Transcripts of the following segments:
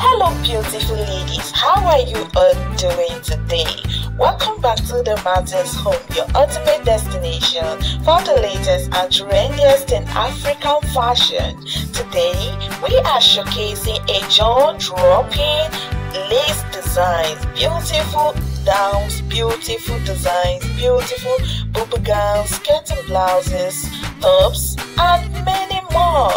Hello, beautiful ladies. How are you all doing today? Welcome back to the Mountains Home, your ultimate destination for the latest and trendiest in African fashion. Today, we are showcasing a jaw-dropping lace designs, beautiful gowns, beautiful designs, beautiful boob gowns, skirting blouses, tops, and many more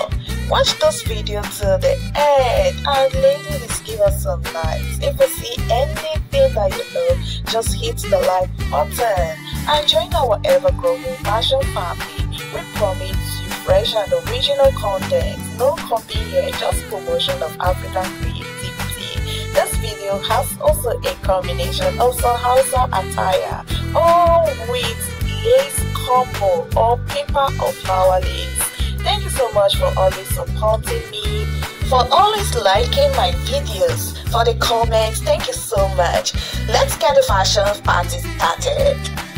watch this video till the end and lady will give us some likes. If you see anything that you love, just hit the like button and join our ever-growing fashion family. We promise you fresh and original content, no copy here, just promotion of African creativity. This video has also a combination of some house attire, all with lace combo or paper or flower lace. Thank you so much for always supporting me, for always liking my videos, for the comments. Thank you so much. Let's get the fashion party started.